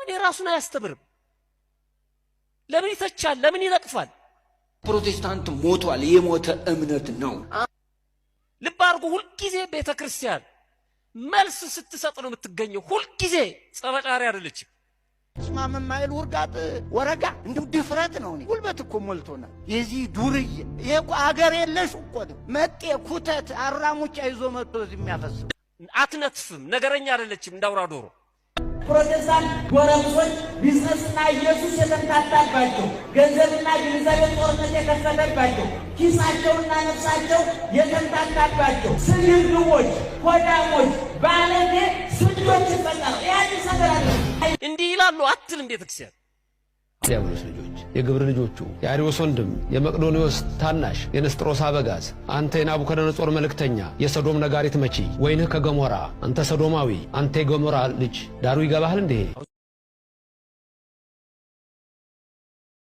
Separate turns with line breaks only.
ለምን የራሱን አያስተምርም? ለምን ይተቻል? ለምን ይነቅፋል?
ፕሮቴስታንት ሞቷል። የሞተ እምነት ነው።
ልብ አድርጉ። ሁልጊዜ ቤተ ክርስቲያን መልስ ስትሰጥ ነው የምትገኘው። ሁልጊዜ ጸበጫሪ አይደለችም።
ስማም ማይል ውርጋጥ ወረጋ እንዲሁ ድፍረት ነው። ጉልበት እኮ ሞልቶና የዚህ ዱርዬ ይሄ እኮ አገር የለሽ እኮ መጤ ኩተት አራሙጫ ይዞ መጥቶ የሚያፈስም
አትነትፍም። ነገረኛ አይደለችም እንዳውራ ዶሮ
ፕሮቴስታንት ጎረምሶች ቢዝነስና ኢየሱስ የተምታታባቸው ገንዘብና ግንዛቤ ጦርነት የከፈተባቸው ኪሳቸውና ነፍሳቸው የተምታታባቸው ስግብግቦች፣ ሆዳሞች፣ ባለጌ ስንቶች ይፈጠሩ። ያን ሰገራ
እንዲህ ይላሉ አትልም ቤተክርስቲያን
ዲያብሎስ ልጆች የግብር ልጆቹ የአሪዎስ ወንድም የመቅዶኒዎስ ታናሽ የንስጥሮስ አበጋዝ አንተ የናቡከደነጾር መልእክተኛ የሰዶም ነጋሪት መቺ ወይንህ ከገሞራ አንተ ሰዶማዊ አንተ የገሞራ ልጅ ዳሩ ይገባሃል እንዲሄ